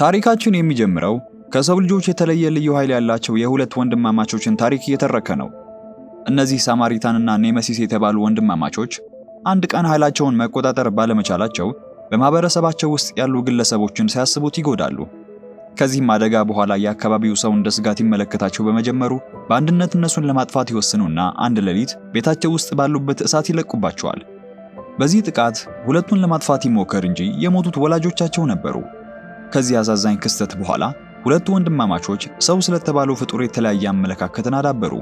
ታሪካችን የሚጀምረው ከሰው ልጆች የተለየ ልዩ ኃይል ያላቸው የሁለት ወንድማማቾችን ታሪክ እየተረከ ነው። እነዚህ ሳማሪታንና ኔመሲስ የተባሉ ወንድማማቾች አንድ ቀን ኃይላቸውን መቆጣጠር ባለመቻላቸው በማህበረሰባቸው ውስጥ ያሉ ግለሰቦችን ሲያስቡት ይጎዳሉ። ከዚህም አደጋ በኋላ የአካባቢው ሰው እንደ ስጋት ይመለከታቸው በመጀመሩ በአንድነት እነሱን ለማጥፋት ይወስኑና አንድ ሌሊት ቤታቸው ውስጥ ባሉበት እሳት ይለቁባቸዋል። በዚህ ጥቃት ሁለቱን ለማጥፋት ይሞከር እንጂ የሞቱት ወላጆቻቸው ነበሩ። ከዚህ አሳዛኝ ክስተት በኋላ ሁለቱ ወንድማማቾች ሰው ስለተባለው ፍጡር የተለያየ አመለካከትን አዳበሩ።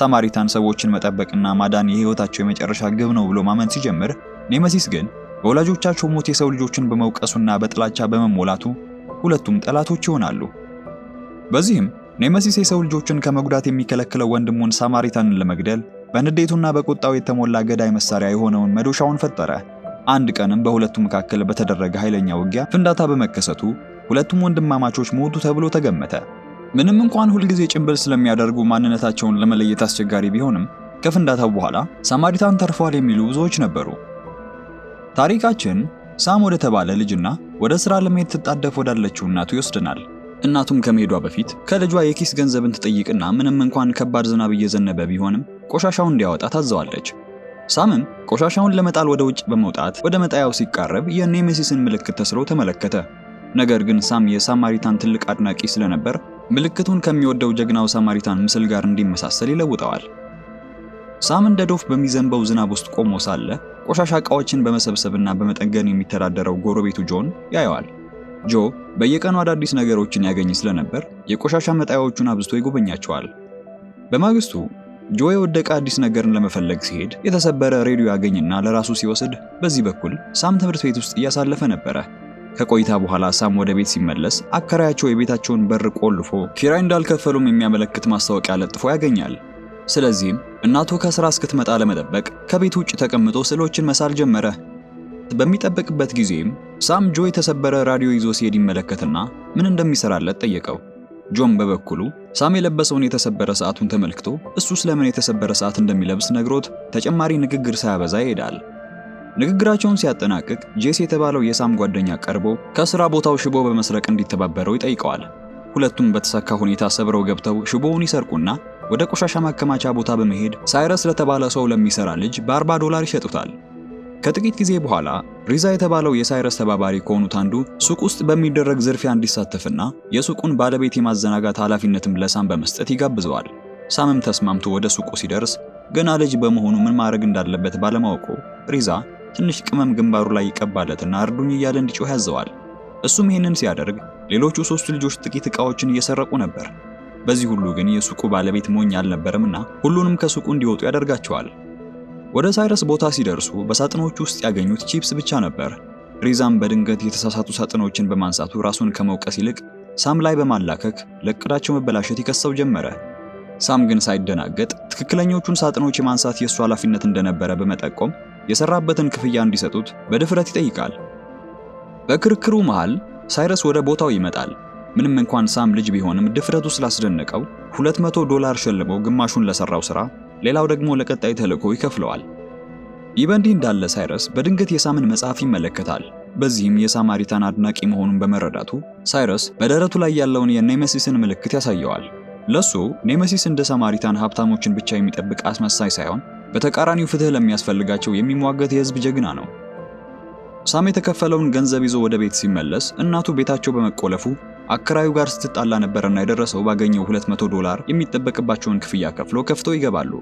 ሳማሪታን ሰዎችን መጠበቅና ማዳን የህይወታቸው የመጨረሻ ግብ ነው ብሎ ማመን ሲጀምር፣ ኔመሲስ ግን በወላጆቻቸው ሞት የሰው ልጆችን በመውቀሱና በጥላቻ በመሞላቱ ሁለቱም ጠላቶች ይሆናሉ። በዚህም ኔመሲስ የሰው ልጆችን ከመጉዳት የሚከለክለው ወንድሙን ሳማሪታንን ለመግደል በንዴቱና በቁጣው የተሞላ ገዳይ መሳሪያ የሆነውን መዶሻውን ፈጠረ። አንድ ቀንም በሁለቱ መካከል በተደረገ ኃይለኛ ውጊያ ፍንዳታ በመከሰቱ ሁለቱም ወንድማማቾች ሞቱ ተብሎ ተገመተ። ምንም እንኳን ሁልጊዜ ጭንብል ስለሚያደርጉ ማንነታቸውን ለመለየት አስቸጋሪ ቢሆንም ከፍንዳታው በኋላ ሳማሪታን ተርፏል የሚሉ ብዙዎች ነበሩ። ታሪካችን ሳም ወደ ተባለ ልጅና ወደ ስራ ለመሄድ ትጣደፍ ወዳለችው እናቱ ይወስደናል። እናቱም ከመሄዷ በፊት ከልጇ የኪስ ገንዘብን ትጠይቅና ምንም እንኳን ከባድ ዝናብ እየዘነበ ቢሆንም ቆሻሻውን እንዲያወጣ ታዘዋለች። ሳምም ቆሻሻውን ለመጣል ወደ ውጭ በመውጣት ወደ መጣያው ሲቃረብ የኔሜሲስን ምልክት ተስሎ ተመለከተ። ነገር ግን ሳም የሳማሪታን ትልቅ አድናቂ ስለነበር ምልክቱን ከሚወደው ጀግናው ሳማሪታን ምስል ጋር እንዲመሳሰል ይለውጠዋል። ሳም እንደ ዶፍ በሚዘንበው ዝናብ ውስጥ ቆሞ ሳለ ቆሻሻ ዕቃዎችን በመሰብሰብና በመጠገን የሚተዳደረው ጎረቤቱ ጆን ያየዋል። ጆ በየቀኑ አዳዲስ ነገሮችን ያገኝ ስለነበር የቆሻሻ መጣያዎቹን አብዝቶ ይጎበኛቸዋል። በማግስቱ ጆ የወደቀ አዲስ ነገርን ለመፈለግ ሲሄድ የተሰበረ ሬዲዮ ያገኝና ለራሱ ሲወስድ፣ በዚህ በኩል ሳም ትምህርት ቤት ውስጥ እያሳለፈ ነበረ። ከቆይታ በኋላ ሳም ወደ ቤት ሲመለስ አከራያቸው የቤታቸውን በር ቆልፎ ኪራይ እንዳልከፈሉም የሚያመለክት ማስታወቂያ ለጥፎ ያገኛል። ስለዚህም እናቱ ከስራ እስክትመጣ ለመጠበቅ ከቤት ውጭ ተቀምጦ ስዕሎችን መሳል ጀመረ። በሚጠብቅበት ጊዜም ሳም ጆ የተሰበረ ራዲዮ ይዞ ሲሄድ ይመለከትና ምን እንደሚሰራለት ጠየቀው። ጆን በበኩሉ ሳም የለበሰውን የተሰበረ ሰዓቱን ተመልክቶ እሱ ስለምን የተሰበረ ሰዓት እንደሚለብስ ነግሮት ተጨማሪ ንግግር ሳያበዛ ይሄዳል። ንግግራቸውን ሲያጠናቅቅ ጄስ የተባለው የሳም ጓደኛ ቀርቦ ከስራ ቦታው ሽቦ በመስረቅ እንዲተባበረው ይጠይቀዋል። ሁለቱም በተሳካ ሁኔታ ሰብረው ገብተው ሽቦውን ይሰርቁና ወደ ቆሻሻ ማከማቻ ቦታ በመሄድ ሳይረስ ለተባለ ሰው ለሚሰራ ልጅ በ40 ዶላር ይሸጡታል። ከጥቂት ጊዜ በኋላ ሪዛ የተባለው የሳይረስ ተባባሪ ከሆኑት አንዱ ሱቅ ውስጥ በሚደረግ ዝርፊያ እንዲሳተፍና የሱቁን ባለቤት የማዘናጋት ኃላፊነትም ለሳም በመስጠት ይጋብዘዋል። ሳምም ተስማምቶ ወደ ሱቁ ሲደርስ ገና ልጅ በመሆኑ ምን ማድረግ እንዳለበት ባለማወቁ ሪዛ ትንሽ ቅመም ግንባሩ ላይ ይቀባለትና እርዱኝ እያለ እንዲጮህ ያዘዋል። እሱም ይህንን ሲያደርግ ሌሎቹ ሶስቱ ልጆች ጥቂት ዕቃዎችን እየሰረቁ ነበር። በዚህ ሁሉ ግን የሱቁ ባለቤት ሞኝ አልነበረምና ሁሉንም ከሱቁ እንዲወጡ ያደርጋቸዋል። ወደ ሳይረስ ቦታ ሲደርሱ በሳጥኖቹ ውስጥ ያገኙት ቺፕስ ብቻ ነበር። ሪዛም በድንገት የተሳሳቱ ሳጥኖችን በማንሳቱ ራሱን ከመውቀስ ይልቅ ሳም ላይ በማላከክ ለቅዳቸው መበላሸት ይከሰው ጀመረ። ሳም ግን ሳይደናገጥ ትክክለኞቹን ሳጥኖች የማንሳት የእሱ ኃላፊነት እንደነበረ በመጠቆም የሰራበትን ክፍያ እንዲሰጡት በድፍረት ይጠይቃል። በክርክሩ መሃል ሳይረስ ወደ ቦታው ይመጣል። ምንም እንኳን ሳም ልጅ ቢሆንም ድፍረቱ ስላስደነቀው 200 ዶላር ሸልሞ ግማሹን ለሰራው ስራ፣ ሌላው ደግሞ ለቀጣይ ተልዕኮ ይከፍለዋል። ይህ በእንዲህ እንዳለ ሳይረስ በድንገት የሳምን መጽሐፍ ይመለከታል። በዚህም የሳማሪታን አድናቂ መሆኑን በመረዳቱ ሳይረስ በደረቱ ላይ ያለውን የኔሜሲስን ምልክት ያሳየዋል። ለሱ ኔሜሲስ እንደ ሳማሪታን ሀብታሞችን ብቻ የሚጠብቅ አስመሳይ ሳይሆን በተቃራኒው ፍትህ ለሚያስፈልጋቸው የሚሟገት የህዝብ ጀግና ነው። ሳም የተከፈለውን ገንዘብ ይዞ ወደ ቤት ሲመለስ እናቱ ቤታቸው በመቆለፉ አከራዩ ጋር ስትጣላ ነበርና የደረሰው ባገኘው 200 ዶላር የሚጠበቅባቸውን ክፍያ ከፍሎ ከፍቶ ይገባሉ።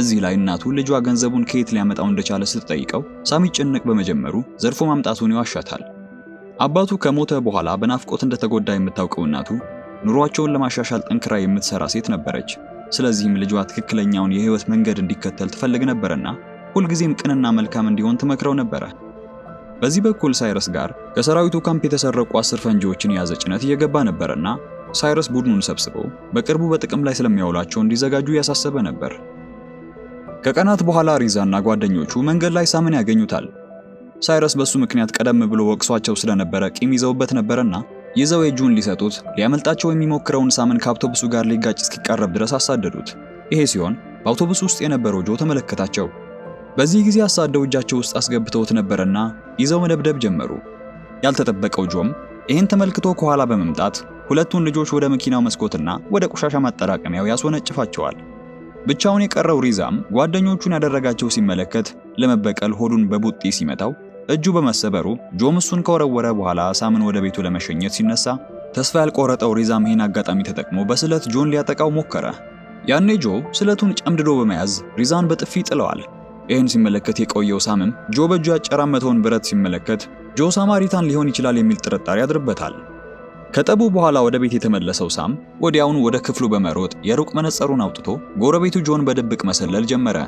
እዚህ ላይ እናቱ ልጇ ገንዘቡን ከየት ሊያመጣው እንደቻለ ስትጠይቀው ሳም ይጨነቅ በመጀመሩ ዘርፎ ማምጣቱን ይዋሻታል። አባቱ ከሞተ በኋላ በናፍቆት እንደተጎዳ የምታውቀው እናቱ ኑሯቸውን ለማሻሻል ጠንክራ የምትሰራ ሴት ነበረች። ስለዚህም ልጇ ትክክለኛውን የህይወት መንገድ እንዲከተል ትፈልግ ነበርና ሁልጊዜም ቅንና መልካም እንዲሆን ትመክረው ነበረ። በዚህ በኩል ሳይረስ ጋር ከሰራዊቱ ካምፕ የተሰረቁ አስር ፈንጂዎችን የያዘ ጭነት እየገባ ነበርና ሳይረስ ቡድኑን ሰብስቦ በቅርቡ በጥቅም ላይ ስለሚያውላቸው እንዲዘጋጁ ያሳሰበ ነበር። ከቀናት በኋላ ሪዛና ጓደኞቹ መንገድ ላይ ሳምን ያገኙታል። ሳይረስ በሱ ምክንያት ቀደም ብሎ ወቅሷቸው ስለነበረ ቂም ይዘውበት ነበርና ይዘው የእጁን ሊሰጡት ሊያመልጣቸው የሚሞክረውን ሳምን ከአውቶቡሱ ጋር ሊጋጭ እስኪቀረብ ድረስ አሳደዱት። ይሄ ሲሆን በአውቶቡስ ውስጥ የነበረው ጆ ተመለከታቸው። በዚህ ጊዜ አሳደው እጃቸው ውስጥ አስገብተውት ነበረና ይዘው መደብደብ ጀመሩ። ያልተጠበቀው ጆም ይህን ተመልክቶ ከኋላ በመምጣት ሁለቱን ልጆች ወደ መኪናው መስኮትና ወደ ቆሻሻ ማጠራቀሚያው ያስወነጭፋቸዋል። ብቻውን የቀረው ሪዛም ጓደኞቹን ያደረጋቸው ሲመለከት ለመበቀል ሆዱን በቡጢ ሲመታው እጁ በመሰበሩ ጆም እሱን ከወረወረ በኋላ ሳምን ወደ ቤቱ ለመሸኘት ሲነሳ ተስፋ ያልቆረጠው ሬዛ ይህን አጋጣሚ ተጠቅሞ በስለት ጆን ሊያጠቃው ሞከረ። ያኔ ጆ ስለቱን ጨምድዶ በመያዝ ሪዛን በጥፊ ጥለዋል። ይህን ሲመለከት የቆየው ሳምም ጆ በእጁ ያጨራመተውን ብረት ሲመለከት ጆ ሳማሪታን ሊሆን ይችላል የሚል ጥርጣሬ ያድርበታል። ከጠቡ በኋላ ወደ ቤት የተመለሰው ሳም ወዲያውኑ ወደ ክፍሉ በመሮጥ የሩቅ መነጽሩን አውጥቶ ጎረቤቱ ጆን በድብቅ መሰለል ጀመረ።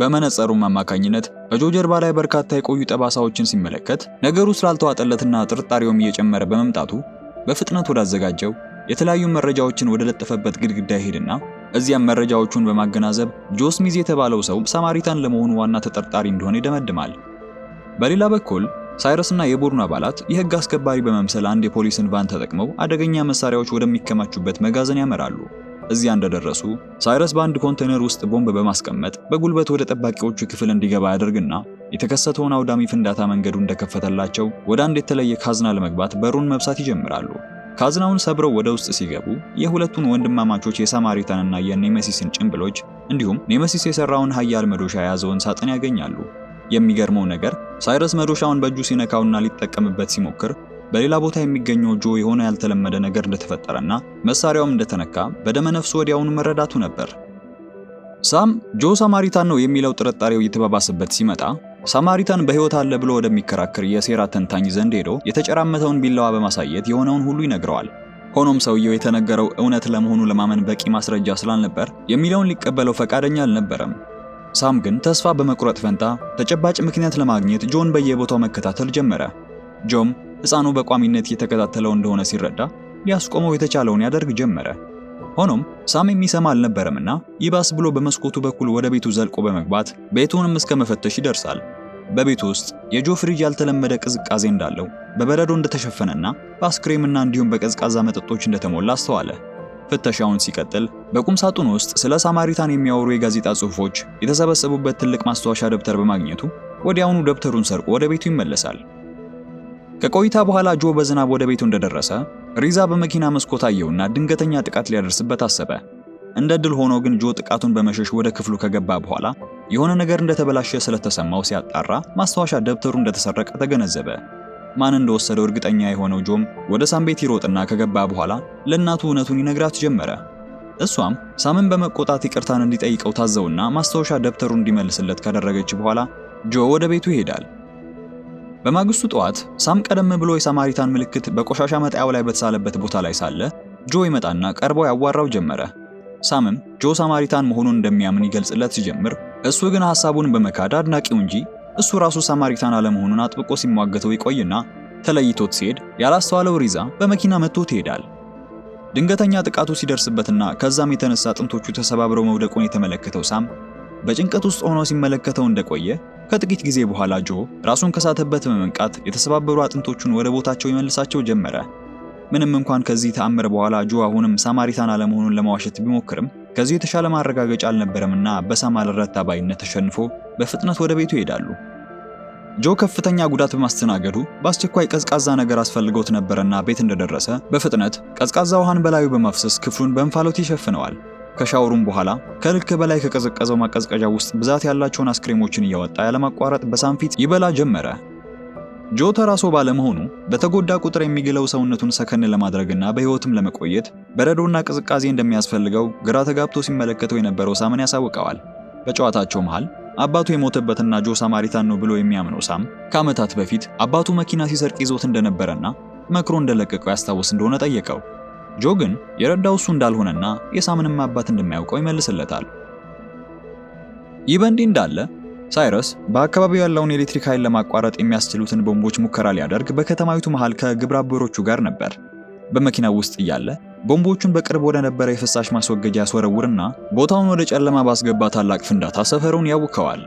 በመነጸሩም አማካኝነት በጆ ጀርባ ላይ በርካታ የቆዩ ጠባሳዎችን ሲመለከት ነገሩ ስላልተዋጠለትና ጥርጣሬውም እየጨመረ በመምጣቱ በፍጥነት ወዳዘጋጀው የተለያዩ መረጃዎችን ወደ ለጠፈበት ግድግዳ ይሄድና እዚያም መረጃዎቹን በማገናዘብ ጆ ስሚዝ የተባለው ሰው ሳማሪታን ለመሆኑ ዋና ተጠርጣሪ እንደሆነ ይደመድማል። በሌላ በኩል ሳይረስና የቡድኑ አባላት የህግ አስከባሪ በመምሰል አንድ የፖሊስን ቫን ተጠቅመው አደገኛ መሳሪያዎች ወደሚከማቹበት መጋዘን ያመራሉ። እዚያ እንደደረሱ ሳይረስ በአንድ ኮንቴነር ውስጥ ቦምብ በማስቀመጥ በጉልበት ወደ ጠባቂዎቹ ክፍል እንዲገባ ያደርግና የተከሰተውን አውዳሚ ፍንዳታ መንገዱ እንደከፈተላቸው ወደ አንድ የተለየ ካዝና ለመግባት በሩን መብሳት ይጀምራሉ። ካዝናውን ሰብረው ወደ ውስጥ ሲገቡ የሁለቱን ወንድማማቾች የሳማሪታንና የኔሜሲስን ጭንብሎች እንዲሁም ኔሜሲስ የሰራውን ሀያል መዶሻ የያዘውን ሳጥን ያገኛሉ። የሚገርመው ነገር ሳይረስ መዶሻውን በእጁ ሲነካውና ሊጠቀምበት ሲሞክር በሌላ ቦታ የሚገኘው ጆ የሆነ ያልተለመደ ነገር እንደተፈጠረና መሳሪያውም እንደተነካ በደመ ነፍሱ ወዲያውኑ መረዳቱ ነበር። ሳም ጆ ሳማሪታን ነው የሚለው ጥርጣሬው እየተባባሰበት ሲመጣ ሳማሪታን በሕይወት አለ ብሎ ወደሚከራከር የሴራ ተንታኝ ዘንድ ሄዶ የተጨራመተውን ቢላዋ በማሳየት የሆነውን ሁሉ ይነግረዋል። ሆኖም ሰውየው የተነገረው እውነት ለመሆኑ ለማመን በቂ ማስረጃ ስላልነበር የሚለውን ሊቀበለው ፈቃደኛ አልነበረም። ሳም ግን ተስፋ በመቁረጥ ፈንታ ተጨባጭ ምክንያት ለማግኘት ጆን በየቦታው መከታተል ጀመረ። ጆም ሕፃኑ በቋሚነት እየተከታተለው እንደሆነ ሲረዳ ሊያስቆመው የተቻለውን ያደርግ ጀመረ። ሆኖም ሳም የሚሰማ አልነበረምና ይባስ ብሎ በመስኮቱ በኩል ወደ ቤቱ ዘልቆ በመግባት ቤቱንም እስከ መፈተሽ ይደርሳል። በቤቱ ውስጥ የጆ ፍሪጅ ያልተለመደ ቅዝቃዜ እንዳለው በበረዶ እንደተሸፈነና በአስክሬምና እንዲሁም በቀዝቃዛ መጠጦች እንደተሞላ አስተዋለ። ፍተሻውን ሲቀጥል በቁም ሳጥኑ ውስጥ ስለ ሳማሪታን የሚያወሩ የጋዜጣ ጽሑፎች የተሰበሰቡበት ትልቅ ማስታወሻ ደብተር በማግኘቱ ወዲያውኑ ደብተሩን ሰርቆ ወደ ቤቱ ይመለሳል። ከቆይታ በኋላ ጆ በዝናብ ወደ ቤቱ እንደደረሰ ሪዛ በመኪና መስኮት አየውና ድንገተኛ ጥቃት ሊያደርስበት አሰበ። እንደ ድል ሆኖ ግን ጆ ጥቃቱን በመሸሽ ወደ ክፍሉ ከገባ በኋላ የሆነ ነገር እንደተበላሸ ስለተሰማው ሲያጣራ ማስታወሻ ደብተሩ እንደተሰረቀ ተገነዘበ። ማን እንደወሰደው እርግጠኛ የሆነው ጆም ወደ ሳም ቤት ይሮጥና ከገባ በኋላ ለእናቱ እውነቱን ይነግራት ጀመረ። እሷም ሳምን በመቆጣት ይቅርታን እንዲጠይቀው ታዘውና ማስታወሻ ደብተሩ እንዲመልስለት ካደረገች በኋላ ጆ ወደ ቤቱ ይሄዳል። በማግስቱ ጠዋት ሳም ቀደም ብሎ የሳማሪታን ምልክት በቆሻሻ መጣያው ላይ በተሳለበት ቦታ ላይ ሳለ ጆ ይመጣና ቀርቦ ያዋራው ጀመረ። ሳምም ጆ ሳማሪታን መሆኑን እንደሚያምን ይገልጽለት ሲጀምር፣ እሱ ግን ሐሳቡን በመካድ አድናቂው እንጂ እሱ ራሱ ሳማሪታን አለመሆኑን አጥብቆ ሲሟገተው ይቆይና ተለይቶት ሲሄድ ያላስተዋለው ሪዛ በመኪና መጥቶ ይሄዳል። ድንገተኛ ጥቃቱ ሲደርስበትና ከዛም የተነሳ አጥንቶቹ ተሰባብረው መውደቁን የተመለከተው ሳም በጭንቀት ውስጥ ሆኖ ሲመለከተው እንደቆየ ከጥቂት ጊዜ በኋላ ጆ ራሱን ከሳተበት በመንቃት የተሰባበሩ አጥንቶቹን ወደ ቦታቸው ይመልሳቸው ጀመረ። ምንም እንኳን ከዚህ ተአምር በኋላ ጆ አሁንም ሳማሪታን አለመሆኑን ለማዋሸት ቢሞክርም ከዚህ የተሻለ ማረጋገጫ አልነበረምና በሳማል ረታ ባይነት ተሸንፎ በፍጥነት ወደ ቤቱ ይሄዳሉ። ጆ ከፍተኛ ጉዳት በማስተናገዱ በአስቸኳይ ቀዝቃዛ ነገር አስፈልገውት ነበረና ቤት እንደደረሰ በፍጥነት ቀዝቃዛ ውሃን በላዩ በማፍሰስ ክፍሉን በእንፋሎት ይሸፍነዋል። ከሻወሩም በኋላ ከልክ በላይ ከቀዘቀዘው ማቀዝቀዣ ውስጥ ብዛት ያላቸውን አስክሬሞችን እያወጣ ያለማቋረጥ በሳንፊት ይበላ ጀመረ። ጆ ተራሶ ባለመሆኑ በተጎዳ ቁጥር የሚግለው ሰውነቱን ሰከን ለማድረግና በሕይወትም ለመቆየት በረዶና ቅዝቃዜ እንደሚያስፈልገው ግራ ተጋብቶ ሲመለከተው የነበረው ሳምን ያሳውቀዋል። በጨዋታቸው መሃል አባቱ የሞተበትና ጆ ሳማሪታን ነው ብሎ የሚያምነው ሳም ከዓመታት በፊት አባቱ መኪና ሲሰርቅ ይዞት እንደነበረና መክሮ እንደለቀቀው ያስታውስ እንደሆነ ጠየቀው። ጆ ግን የረዳው እሱ እንዳልሆነና የሳምንም አባት እንደማያውቀው ይመልስለታል። ይህ በእንዲህ እንዳለ ሳይረስ በአካባቢው ያለውን የኤሌክትሪክ ኃይል ለማቋረጥ የሚያስችሉትን ቦምቦች ሙከራ ሊያደርግ በከተማይቱ መሃል ከግብረ አበሮቹ ጋር ነበር። በመኪናው ውስጥ እያለ ቦምቦቹን በቅርብ ወደ ነበረ የፍሳሽ ማስወገጃ ያስወረውርና ቦታውን ወደ ጨለማ ባስገባ ታላቅ ፍንዳታ ሰፈሩን ያውከዋል።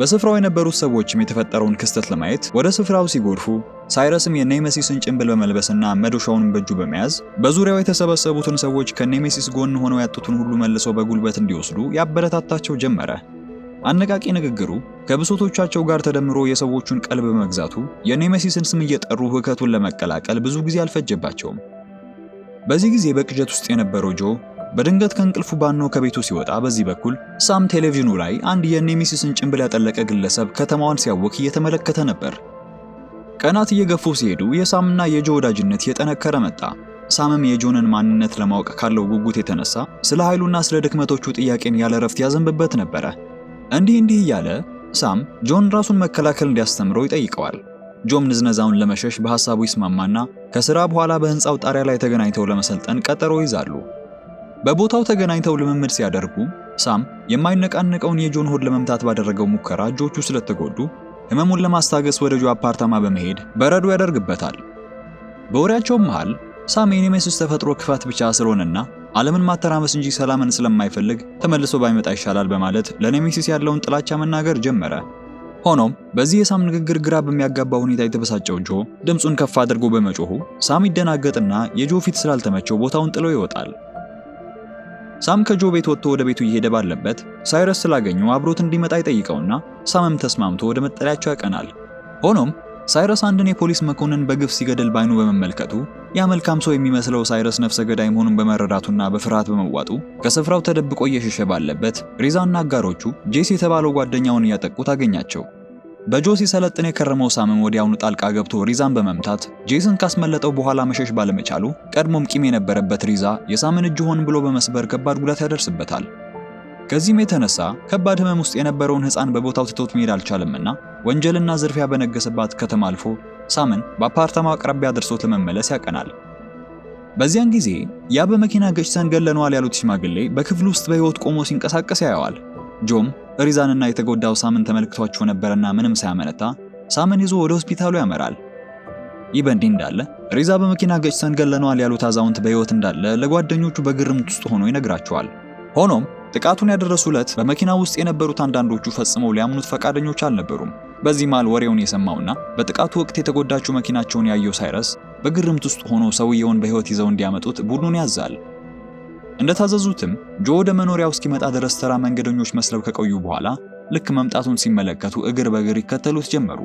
በስፍራው የነበሩት ሰዎችም የተፈጠረውን ክስተት ለማየት ወደ ስፍራው ሲጎርፉ ሳይረስም የኔሜሲስን ጭንብል በመልበስና መዶሻውን በእጁ በመያዝ በዙሪያው የተሰበሰቡትን ሰዎች ከኔሜሲስ ጎን ሆነው ያጡትን ሁሉ መልሰው በጉልበት እንዲወስዱ ያበረታታቸው ጀመረ። አነቃቂ ንግግሩ ከብሶቶቻቸው ጋር ተደምሮ የሰዎቹን ቀልብ በመግዛቱ የኔሜሲስን ስም እየጠሩ ህከቱን ለመቀላቀል ብዙ ጊዜ አልፈጀባቸውም። በዚህ ጊዜ በቅዠት ውስጥ የነበረው ጆ በድንገት ከእንቅልፉ ባኖ ከቤቱ ሲወጣ በዚህ በኩል ሳም ቴሌቪዥኑ ላይ አንድ የኔሚሲስን ጭንብል ያጠለቀ ግለሰብ ከተማዋን ሲያውክ እየተመለከተ ነበር። ቀናት እየገፉ ሲሄዱ የሳምና የጆ ወዳጅነት እየጠነከረ መጣ። ሳምም የጆንን ማንነት ለማወቅ ካለው ጉጉት የተነሳ ስለ ኃይሉና ስለ ድክመቶቹ ጥያቄን ያለ ረፍት ያዘንብበት ነበረ። እንዲህ እንዲህ እያለ ሳም ጆን ራሱን መከላከል እንዲያስተምረው ይጠይቀዋል። ጆም ንዝነዛውን ለመሸሽ በሐሳቡ ይስማማና ከሥራ በኋላ በሕንፃው ጣሪያ ላይ ተገናኝተው ለመሰልጠን ቀጠሮ ይዛሉ። በቦታው ተገናኝተው ልምምድ ሲያደርጉ ሳም የማይነቃነቀውን የጆን ሆድ ለመምታት ባደረገው ሙከራ እጆቹ ስለተጎዱ ህመሙን ለማስታገስ ወደ ጆ አፓርታማ በመሄድ በረዶ ያደርግበታል። በወሬያቸውም መሃል ሳም የኔሜሲስ ተፈጥሮ ክፋት ብቻ ስለሆነና ዓለምን ማተራመስ እንጂ ሰላምን ስለማይፈልግ ተመልሶ ባይመጣ ይሻላል በማለት ለኔሜሲስ ያለውን ጥላቻ መናገር ጀመረ። ሆኖም በዚህ የሳም ንግግር ግራ በሚያጋባ ሁኔታ የተበሳጨው ጆ ድምፁን ከፍ አድርጎ በመጮሁ ሳም ይደናገጥና የጆ ፊት ስላልተመቸው ቦታውን ጥሎ ይወጣል። ሳም ከጆ ቤት ወጥቶ ወደ ቤቱ እየሄደ ባለበት ሳይረስ ስላገኙ አብሮት እንዲመጣ ይጠይቀውና ሳምም ተስማምቶ ወደ መጠለያቸው ያቀናል። ሆኖም ሳይረስ አንድን የፖሊስ መኮንን በግፍ ሲገደል ባይኑ በመመልከቱ ያ መልካም ሰው የሚመስለው ሳይረስ ነፍሰ ገዳይ መሆኑን በመረዳቱና በፍርሃት በመዋጡ ከስፍራው ተደብቆ እየሸሸ ባለበት ሪዛና አጋሮቹ ጄስ የተባለው ጓደኛውን እያጠቁት አገኛቸው። በጆሲ ሰለጥን የከረመው ሳምም ወዲያውኑ ጣልቃ ገብቶ ሪዛን በመምታት ጄሰን ካስመለጠው በኋላ መሸሽ ባለመቻሉ ቀድሞም ቂም የነበረበት ሪዛ የሳምን እጅ ሆን ብሎ በመስበር ከባድ ጉዳት ያደርስበታል። ከዚህም የተነሳ ከባድ ህመም ውስጥ የነበረውን ህፃን በቦታው ትቶት መሄድ አልቻለምና ወንጀልና ዝርፊያ በነገሰባት ከተማ አልፎ ሳምን በአፓርታማ አቅራቢያ ደርሶት ለመመለስ ያቀናል። በዚያን ጊዜ ያ በመኪና ገጭተን ገለነዋል ያሉት ሽማግሌ በክፍል ውስጥ በህይወት ቆሞ ሲንቀሳቀስ ያየዋል። ጆም ሪዛንና የተጎዳው ሳምን ተመልክቷቸው ነበርና ምንም ሳያመነታ ሳምን ይዞ ወደ ሆስፒታሉ ያመራል። ይህ በእንዲህ እንዳለ ሪዛ በመኪና ገጭተን ገለነዋል ያሉት አዛውንት በህይወት እንዳለ ለጓደኞቹ በግርምት ውስጥ ሆኖ ይነግራቸዋል። ሆኖም ጥቃቱን ያደረሱለት በመኪና ውስጥ የነበሩት አንዳንዶቹ ፈጽመው ሊያምኑት ፈቃደኞች አልነበሩም። በዚህ መሃል ወሬውን የሰማውና በጥቃቱ ወቅት የተጎዳችው መኪናቸውን ያየው ሳይረስ በግርምት ውስጥ ሆኖ ሰውየውን በህይወት ይዘው እንዲያመጡት ቡድኑን ያዛል። እንደታዘዙትም ጆ ወደ መኖሪያው እስኪመጣ ድረስ ተራ መንገደኞች መስለው ከቆዩ በኋላ ልክ መምጣቱን ሲመለከቱ እግር በእግር ይከተሉት ጀመሩ።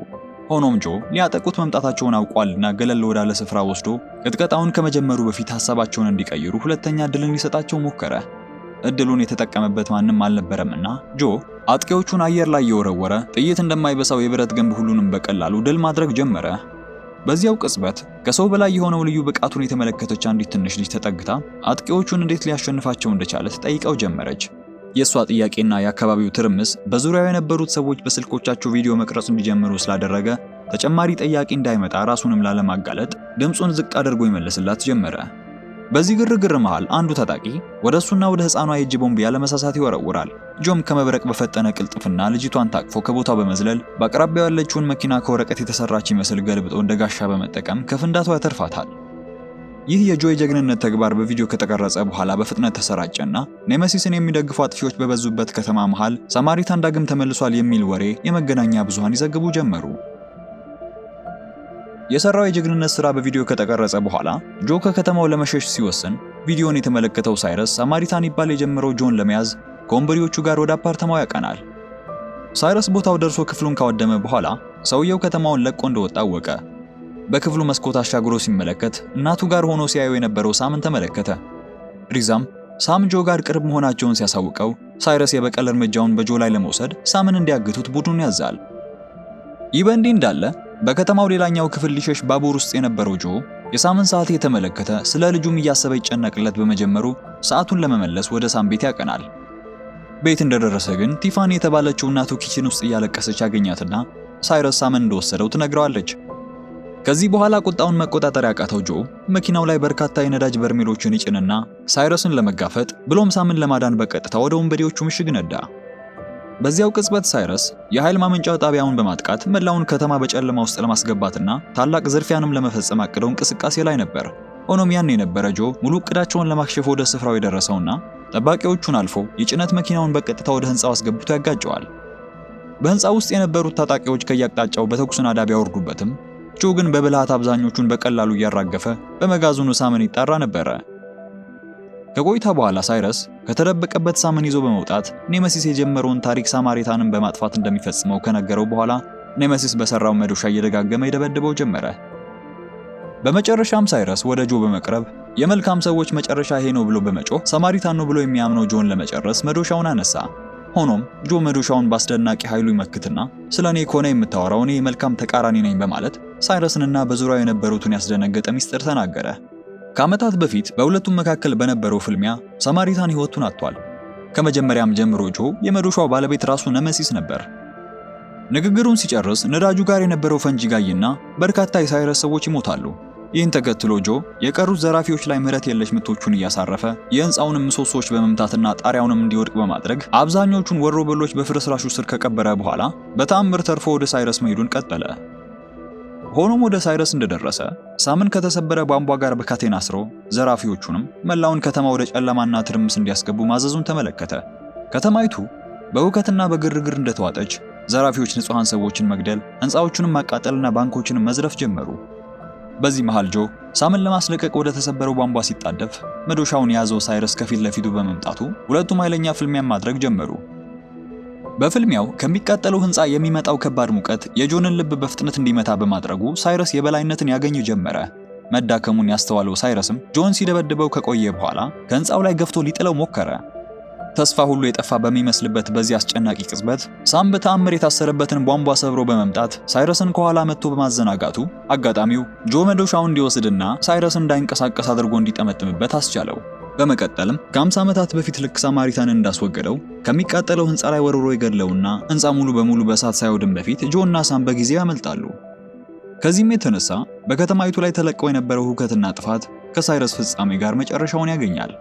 ሆኖም ጆ ሊያጠቁት መምጣታቸውን አውቋልና ገለል ወዳለ ስፍራ ወስዶ ቅጥቀጣውን ከመጀመሩ በፊት ሐሳባቸውን እንዲቀይሩ ሁለተኛ እድልን ሊሰጣቸው ሞከረ። እድሉን የተጠቀመበት ማንም አልነበረምና ጆ አጥቂዎቹን አየር ላይ የወረወረ ጥይት እንደማይበሳው የብረት ግንብ ሁሉንም በቀላሉ ድል ማድረግ ጀመረ። በዚያው ቅጽበት ከሰው በላይ የሆነው ልዩ ብቃቱን የተመለከተች አንዲት ትንሽ ልጅ ተጠግታ አጥቂዎቹን እንዴት ሊያሸንፋቸው እንደቻለ ተጠይቀው ጀመረች። የእሷ ጥያቄና የአካባቢው ትርምስ በዙሪያው የነበሩት ሰዎች በስልኮቻቸው ቪዲዮ መቅረጽ እንዲጀምሩ ስላደረገ ተጨማሪ ጠያቂ እንዳይመጣ ራሱንም ላለማጋለጥ ድምፁን ዝቅ አድርጎ ይመልስላት ጀመረ። በዚህ ግርግር መሃል አንዱ ታጣቂ ወደ እሱና ወደ ህፃኗ የእጅ ቦምብ ያለመሳሳት ይወረውራል። ጆም ከመብረቅ በፈጠነ ቅልጥፍና ልጅቷን ታቅፎ ከቦታው በመዝለል በአቅራቢያው ያለችውን መኪና ከወረቀት የተሰራች ይመስል ገልብጦ እንደ ጋሻ በመጠቀም ከፍንዳቷ ያተርፋታል። ይህ የጆ የጀግንነት ተግባር በቪዲዮ ከተቀረጸ በኋላ በፍጥነት ተሰራጨና ኔመሲስን የሚደግፉ አጥፊዎች በበዙበት ከተማ መሃል ሳማሪታን ዳግም ተመልሷል የሚል ወሬ የመገናኛ ብዙሃን ይዘግቡ ጀመሩ። የሰራው የጀግንነት ስራ በቪዲዮ ከተቀረጸ በኋላ ጆ ከከተማው ለመሸሽ ሲወስን ቪዲዮን የተመለከተው ሳይረስ አማሪታን ይባል የጀመረው ጆን ለመያዝ ከወንበሪዎቹ ጋር ወደ አፓርታማው ያቀናል። ሳይረስ ቦታው ደርሶ ክፍሉን ካወደመ በኋላ ሰውየው ከተማውን ለቆ እንደወጣ አወቀ። በክፍሉ መስኮት አሻግሮ ሲመለከት እናቱ ጋር ሆኖ ሲያዩ የነበረው ሳምን ተመለከተ። ሪዛም ሳም ጆ ጋር ቅርብ መሆናቸውን ሲያሳውቀው ሳይረስ የበቀል እርምጃውን በጆ ላይ ለመውሰድ ሳምን እንዲያግቱት ቡድኑን ያዛል። ይህ በእንዲህ እንዳለ በከተማው ሌላኛው ክፍል ሊሸሽ ባቡር ውስጥ የነበረው ጆ የሳምን ሰዓት የተመለከተ ስለ ልጁም እያሰበ ይጨነቅለት በመጀመሩ ሰዓቱን ለመመለስ ወደ ሳም ቤት ያቀናል። ቤት እንደደረሰ ግን ቲፋኒ የተባለችው እናቱ ኪችን ውስጥ እያለቀሰች ያገኛትና ሳይረስ ሳምን እንደወሰደው ትነግረዋለች። ከዚህ በኋላ ቁጣውን መቆጣጠር ያቃተው ጆ መኪናው ላይ በርካታ የነዳጅ በርሜሎችን ይጭንና ሳይረስን ለመጋፈጥ ብሎም ሳምን ለማዳን በቀጥታ ወደ ወንበዴዎቹ ምሽግ ነዳ። በዚያው ቅጽበት ሳይረስ የኃይል ማመንጫ ጣቢያውን በማጥቃት መላውን ከተማ በጨለማ ውስጥ ለማስገባትና ታላቅ ዝርፊያንም ለመፈጸም አቅደው እንቅስቃሴ ላይ ነበር። ሆኖም ያን የነበረ ጆ ሙሉ እቅዳቸውን ለማክሸፍ ወደ ስፍራው የደረሰውና ጠባቂዎቹን አልፎ የጭነት መኪናውን በቀጥታ ወደ ህንፃው አስገብቶ ያጋጨዋል። በህንፃ ውስጥ የነበሩት ታጣቂዎች ከያቅጣጫው በተኩስ ናዳ ቢያወርዱበትም ጆ ግን በብልሃት አብዛኞቹን በቀላሉ እያራገፈ በመጋዘኑ ሳምን ይጣራ ነበረ። ከቆይታ በኋላ ሳይረስ ከተደበቀበት ሳምን ይዞ በመውጣት ኔመሲስ የጀመረውን ታሪክ ሳማሪታንን በማጥፋት እንደሚፈጽመው ከነገረው በኋላ ኔመሲስ በሰራው መዶሻ እየደጋገመ ይደበድበው ጀመረ። በመጨረሻም ሳይረስ ወደ ጆ በመቅረብ የመልካም ሰዎች መጨረሻ ይሄ ነው ብሎ በመጮህ ሳማሪታን ነው ብሎ የሚያምነው ጆን ለመጨረስ መዶሻውን አነሳ። ሆኖም ጆ መዶሻውን ባስደናቂ ኃይሉ ይመክትና ስለ እኔ ከሆነ የምታወራው እኔ የመልካም ተቃራኒ ነኝ በማለት ሳይረስንና በዙሪያው የነበሩትን ያስደነገጠ ሚስጥር ተናገረ። ከዓመታት በፊት በሁለቱም መካከል በነበረው ፍልሚያ ሰማሪታን ሕይወቱን አጥቷል። ከመጀመሪያም ጀምሮ ጆ የመዶሻው ባለቤት ራሱ ነመሲስ ነበር። ንግግሩን ሲጨርስ ነዳጁ ጋር የነበረው ፈንጂ ጋይና በርካታ የሳይረስ ሰዎች ይሞታሉ። ይህን ተከትሎ ጆ የቀሩት ዘራፊዎች ላይ ምህረት የለሽ ምቶቹን እያሳረፈ የህንፃውንም ምሰሶዎች በመምታትና ጣሪያውንም እንዲወድቅ በማድረግ አብዛኞቹን ወሮበሎች በፍርስራሹ ስር ከቀበረ በኋላ በተአምር ተርፎ ወደ ሳይረስ መሄዱን ቀጠለ። ሆኖም ወደ ሳይረስ እንደደረሰ ሳምን ከተሰበረ ቧንቧ ጋር በካቴና አስሮ ዘራፊዎቹንም መላውን ከተማ ወደ ጨለማና ትርምስ እንዲያስገቡ ማዘዙን ተመለከተ። ከተማይቱ በሁከትና በግርግር እንደተዋጠች ዘራፊዎች ንጹሐን ሰዎችን መግደል፣ ሕንፃዎቹንም ማቃጠልና ባንኮችን መዝረፍ ጀመሩ። በዚህ መሃል ጆ ሳምን ለማስለቀቅ ወደ ተሰበረው ቧንቧ ሲጣደፍ መዶሻውን የያዘው ሳይረስ ከፊት ለፊቱ በመምጣቱ ሁለቱም ኃይለኛ ፍልሚያን ማድረግ ጀመሩ። በፍልሚያው ከሚቃጠለው ህንፃ የሚመጣው ከባድ ሙቀት የጆንን ልብ በፍጥነት እንዲመታ በማድረጉ ሳይረስ የበላይነትን ያገኝ ጀመረ። መዳከሙን ያስተዋለው ሳይረስም ጆን ሲደበድበው ከቆየ በኋላ ከህንፃው ላይ ገፍቶ ሊጥለው ሞከረ። ተስፋ ሁሉ የጠፋ በሚመስልበት በዚህ አስጨናቂ ቅጽበት ሳም በተአምር የታሰረበትን ቧንቧ ሰብሮ በመምጣት ሳይረስን ከኋላ መጥቶ በማዘናጋቱ አጋጣሚው ጆ መዶሻውን እንዲወስድና ሳይረስ እንዳይንቀሳቀስ አድርጎ እንዲጠመጥምበት አስቻለው። በመቀጠልም ከ50 ዓመታት በፊት ልክ ሳማሪታንን እንዳስወገደው ከሚቃጠለው ህንፃ ላይ ወርውሮ የገድለውና ህንፃ ሙሉ በሙሉ በእሳት ሳይወድም በፊት ጆና ሳም በጊዜ ያመልጣሉ። ከዚህም የተነሳ በከተማይቱ ላይ ተለቀው የነበረው ሁከትና ጥፋት ከሳይረስ ፍጻሜ ጋር መጨረሻውን ያገኛል።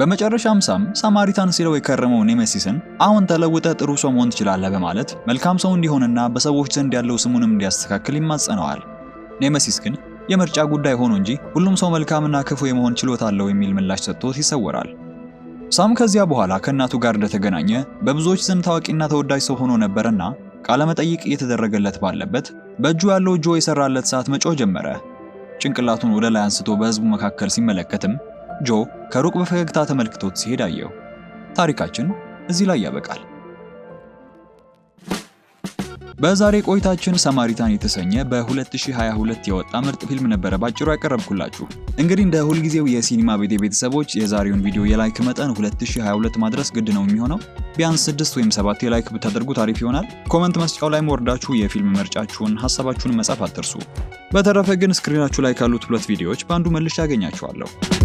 በመጨረሻም ሳም ሳማሪታን ሲለው የከረመው ኔሜሲስን አሁን ተለውጠ ጥሩ ሰው መሆን ትችላለህ በማለት መልካም ሰው እንዲሆንና በሰዎች ዘንድ ያለው ስሙንም እንዲያስተካክል ይማጸነዋል። ኔሜሲስ ግን የምርጫ ጉዳይ ሆኖ እንጂ ሁሉም ሰው መልካምና ክፉ የመሆን ችሎታ አለው የሚል ምላሽ ሰጥቶት ይሰወራል። ሳም ከዚያ በኋላ ከእናቱ ጋር እንደተገናኘ በብዙዎች ዘንድ ታዋቂና ተወዳጅ ሰው ሆኖ ነበርና ቃለመጠይቅ እየተደረገለት ባለበት በእጁ ያለው ጆ የሰራለት ሰዓት መጮህ ጀመረ። ጭንቅላቱን ወደ ላይ አንስቶ በህዝቡ መካከል ሲመለከትም ጆ ከሩቅ በፈገግታ ተመልክቶት ሲሄድ አየው። ታሪካችን እዚህ ላይ ያበቃል። በዛሬ ቆይታችን ሰማሪታን የተሰኘ በ2022 የወጣ ምርጥ ፊልም ነበረ ባጭሩ ያቀረብኩላችሁ። እንግዲህ እንደ ሁልጊዜው የሲኒማ ቤት ቤተሰቦች የዛሬውን ቪዲዮ የላይክ መጠን 2022 ማድረስ ግድ ነው የሚሆነው። ቢያንስ 6 ወይም 7 የላይክ ብታደርጉ ታሪፍ ይሆናል። ኮመንት መስጫው ላይ ወርዳችሁ የፊልም ምርጫችሁን ሀሳባችሁን መጻፍ አትርሱ። በተረፈ ግን ስክሪናችሁ ላይ ካሉት ሁለት ቪዲዮዎች በአንዱ መልሼ ያገኛችኋለሁ።